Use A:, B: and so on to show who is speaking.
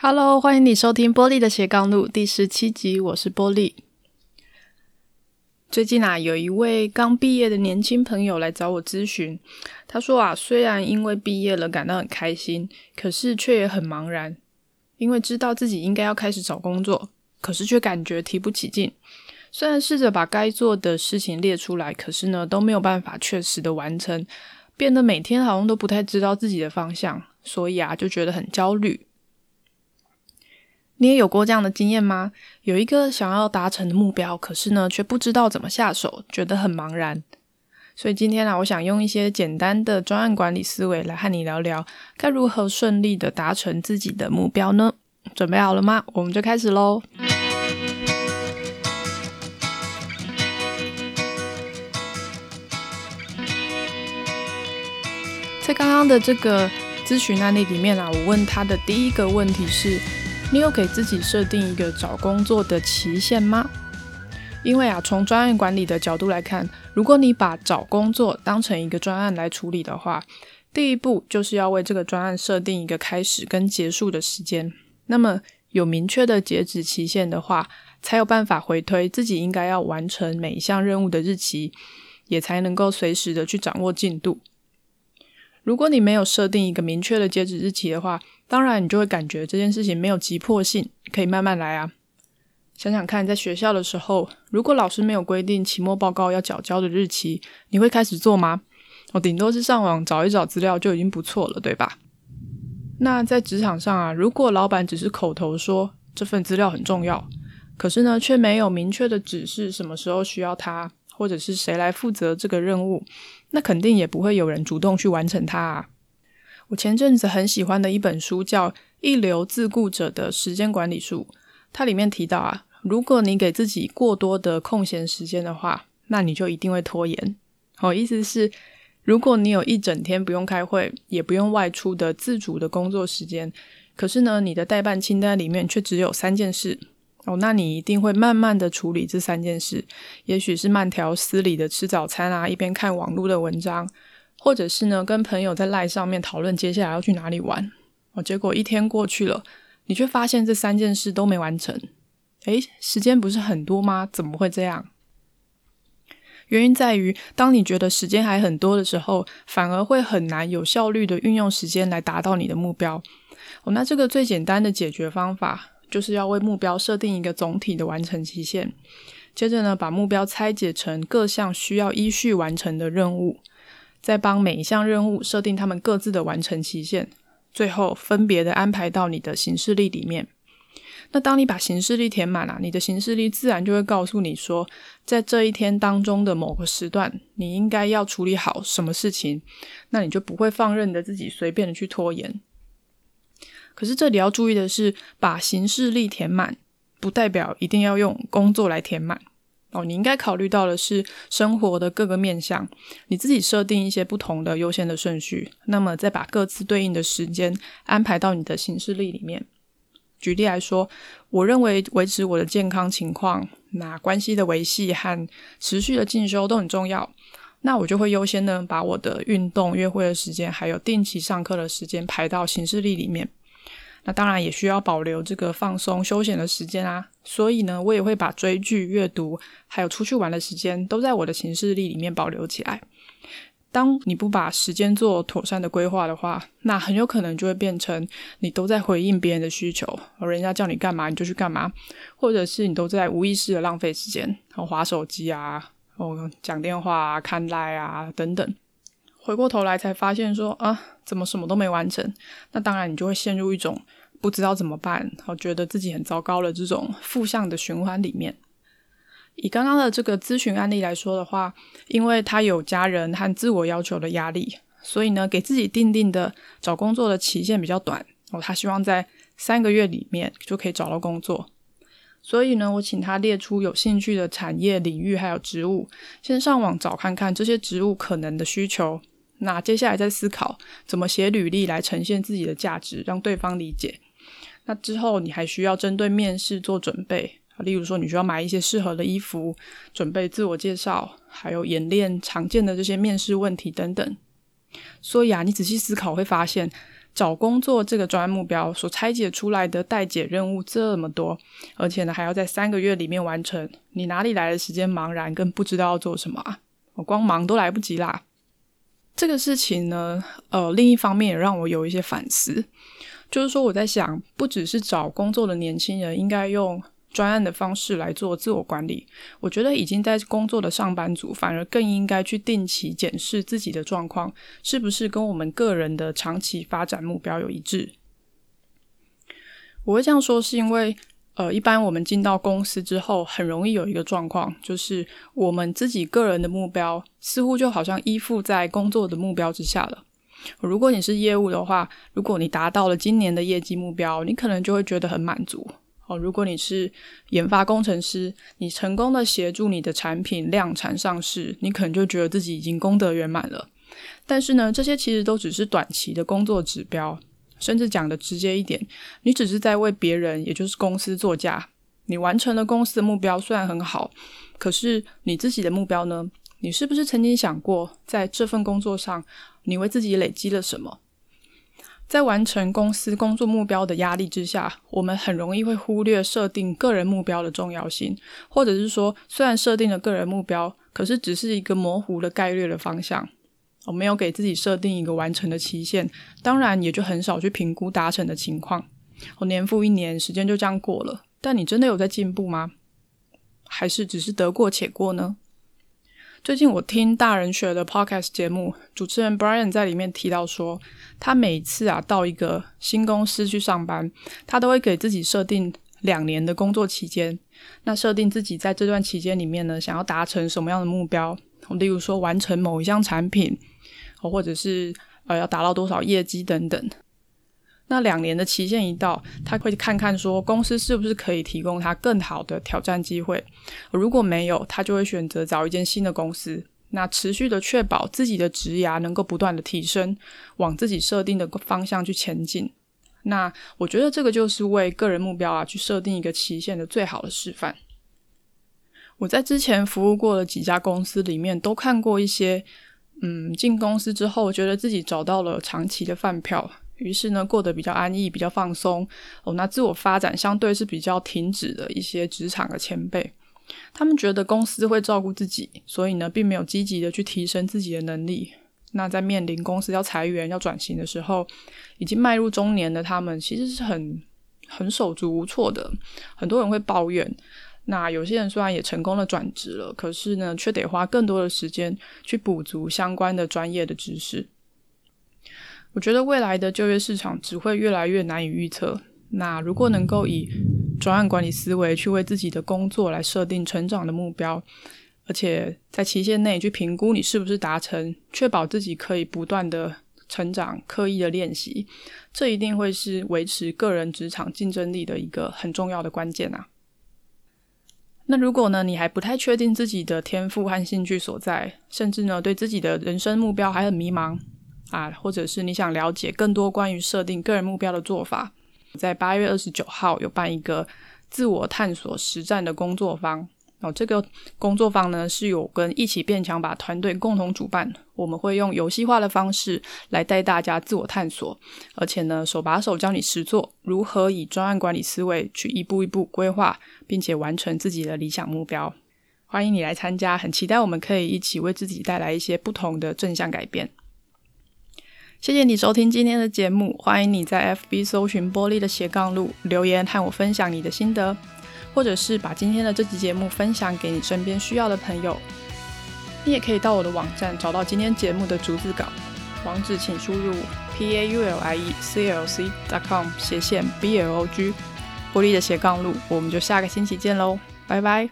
A: 哈嘍，歡迎你收聽《Paulie 的斜槓路》第十七集，我是 Paulie。最近啊，有一位剛畢業的年輕朋友來找我諮詢，他說啊，雖然因為畢業了感到很開心，可是卻也很茫然，因為知道自己應該要開始找工作，可是卻感覺提不起勁。雖然試着把該做的事情列出來，可是呢，都沒有辦法確實的完成，變得每天好像都不太知道自己的方向，所以啊，就覺得很焦慮。你也有過這樣的經驗嗎？有一個想要達成的目標，可是呢，卻不知道怎麼下手，覺得很茫然。所以今天啊，我想用一些簡單的專案管理思維來和你聊聊，該如何順利的達成自己的目標呢？準備好了嗎？我們就開始嘍。在剛剛的這個諮詢案例裡面啊，我問他的第一個問題是，你有給自己設定一個找工作的期限嗎？因為啊，從專案管理的角度來看，如果你把找工作當成一個專案來處理的話，第一步就是要為這個專案設定一個開始跟結束的時間。那麼有明確的截止期限的話，才有辦法回推自己應該要完成每一項任務的日期，也才能夠隨時的去掌握進度。如果你沒有設定一個明確的截止日期的話，當然你就會感覺這件事情沒有急迫性，可以慢慢來啊。想想看，在學校的時候，如果老師沒有規定期末報告要繳交的日期，你會開始做嗎？我頂多是上網找一找資料就已經不錯了，對吧？那在職場上啊，如果老闆只是口頭說這份資料很重要，可是呢卻沒有明確的指示什麼時候需要它。或者是誰來負責這個任務，那肯定也不會有人主動去完成它啊。我前陣子很喜歡的一本書叫《一流自雇者的時間管理術》，它裡面提到啊，如果你給自己過多的空閒時間的話，那你就一定會拖延。好、哦，意思是如果你有一整天不用開會、也不用外出的自主的工作時間，可是呢，你的待辦清單裡面卻只有三件事。哦，那你一定會慢慢的處理這三件事，也許是慢條斯理的吃早餐啊，一邊看網絡的文章，或者是呢跟朋友在賴上面討論接下來要去哪裡玩。哦，結果一天過去了，你卻發現這三件事都沒完成。誒，時間不是很多嗎？怎麼會這樣？原因在於，當你覺得時間還很多的時候，反而會很難有效率的運用時間來達到你的目標。哦，那這個最簡單的解決方法。就是要為目標設定一個總體的完成期限，接着呢，把目標拆解成各項需要依序完成的任務，再幫每一項任務設定他們各自的完成期限，最後分別的安排到你的行事曆裡面。那當你把行事曆填滿了，啊，你的行事曆自然就會告訴你說，在這一天當中的某個時段，你應該要處理好什麼事情，那你就不會放任的自己隨便的去拖延。可是這裡要注意的是，把行事曆填滿，不代表一定要用工作來填滿哦。你應該考慮到的是生活的各個面向，你自己設定一些不同的優先的順序，那麼再把各自對應的時間安排到你的行事曆裡面。舉例來說，我認為維持我的健康情況、那關係的維繫和持續的進修都很重要，那我就會優先呢把我的運動、約會的時間，還有定期上課的時間排到行事曆裡面。那當然也需要保留這個放鬆休閒的時間啊，所以呢，我也會把追劇、閱讀，還有出去玩的時間，都在我的行事曆裡面保留起來。當你不把時間做妥善的規劃的話，那很有可能就會變成你都在回應別人的需求，而人家叫你幹嘛你就去幹嘛，或者是你都在無意識的浪費時間，然後滑手機啊，哦，講電話啊，看賴啊，等等。回過頭來才發現說啊，怎麼什麼都沒完成？那當然你就會陷入一種不知道怎麼辦，然後覺得自己很糟糕的這種負向的循環裡面。以剛剛的這個諮詢案例來說的話，因為他有家人和自我要求的壓力，所以呢，給自己定定的找工作的期限比較短哦，他希望在三個月裡面就可以找到工作。所以呢，我請他列出有興趣的產業領域還有職務，先上網找看看這些職務可能的需求。那接下來再思考怎麼寫履歷來呈現自己的價值，讓對方理解。那之後你還需要針對面試做準備啊，例如說你需要買一些適合的衣服，準備自我介紹，還有演練常見的這些面試問題等等。所以啊，你仔細思考會發現，找工作這個專案目標所拆解出來的待解任務這麼多，而且呢還要在三個月裡面完成，你哪裡來的時間茫然跟不知道要做什麼啊？我光忙都來不及啦！這個事情呢，呃，另一方面也讓我有一些反思，就是說我在想，不只是找工作的年輕人應該用專案的方式來做自我管理，我覺得已經在工作的上班族反而更應該去定期檢視自己的狀況，是不是跟我們個人的長期發展目標有一致。我會這樣說是因為…呃，一般我們進到公司之後，很容易有一個狀況，就是我們自己個人的目標，似乎就好像依附在工作的目標之下了。如果你是業務的話，如果你達到了今年的業績目標，你可能就會覺得很滿足哦。如果你是研發工程師，你成功的協助你的產品量產上市，你可能就覺得自己已經功德圓滿了。但是呢，這些其實都只是短期的工作指標。甚至講的直接一點，你只是在為別人，也就是公司作嫁。你完成了公司的目標，雖然很好，可是你自己的目標呢？你是不是曾經想過，在這份工作上，你為自己累積了什麼？在完成公司工作目標的壓力之下，我們很容易會忽略設定個人目標的重要性，或者是說，雖然設定了個人目標，可是只是一個模糊的概略的方向。我沒有給自己設定一個完成的期限，當然也就很少去評估達成的情況。我年復一年，時間就這樣過了。但你真的有在進步嗎？還是只是得過且過呢？最近我聽大人學的 podcast 節目，主持人 Brian 在裡面提到說，他每次啊到一個新公司去上班，他都會給自己設定兩年的工作期間。那設定自己在這段期間裡面呢，想要達成什麼樣的目標。例如說完成某一項產品，或者是呃要達到多少業績等等。那兩年的期限一到，他會看看說公司是不是可以提供他更好的挑戰機會。如果沒有，他就會選擇找一間新的公司，那持續的確保自己的職涯能夠不斷的提升，往自己設定的方向去前進。那我覺得這個就是為個人目標啊去設定一個期限的最好的示範。我在之前服務過的幾家公司裡面，都看過一些，嗯，進公司之後覺得自己找到了長期的飯票，於是呢過得比較安逸、比較放鬆。哦，那自我發展相對是比較停止的一些職場的前輩，他們覺得公司會照顧自己，所以呢並沒有積極的去提升自己的能力。那在面臨公司要裁員、要轉型的時候，已經邁入中年的他們，其實是很很手足無措的。很多人會抱怨。那有些人雖然也成功的轉職了，可是呢，卻得花更多的時間去補足相關的專業的知識。我覺得未來的就業市場只會越來越難以預測。那如果能夠以專案管理思維去為自己的工作來設定成長的目標，而且在期限內去評估你是不是達成，確保自己可以不斷的成長，刻意的練習，這一定會是維持個人職場競爭力的一個很重要的關鍵啊。那如果呢，你還不太確定自己的天賦和興趣所在，甚至呢，對自己的人生目標還很迷茫啊，或者是你想了解更多關於設定個人目標的做法，在八月二十九號有辦一個自我探索實戰的工作坊。哦，這個工作坊呢，是有跟一起變強把團隊共同主辦，我們會用遊戲化的方式來帶大家自我探索，而且呢，手把手教你實作，如何以專案管理思維去一步一步規劃，並且完成自己的理想目標。歡迎你來參加，很期待我們可以一起為自己帶來一些不同的正向改變。謝謝你收聽今天的節目，歡迎你在 FB 搜尋玻璃的斜槓路留言和我分享你的心得。或者是把今天的這期節目分享給你身邊需要的朋友，你也可以到我的網站找到今天節目的逐字稿，網址請輸入 paulieclc.com 斜線 blog。玻璃的斜槓路，我們就下個星期見嘍，拜拜。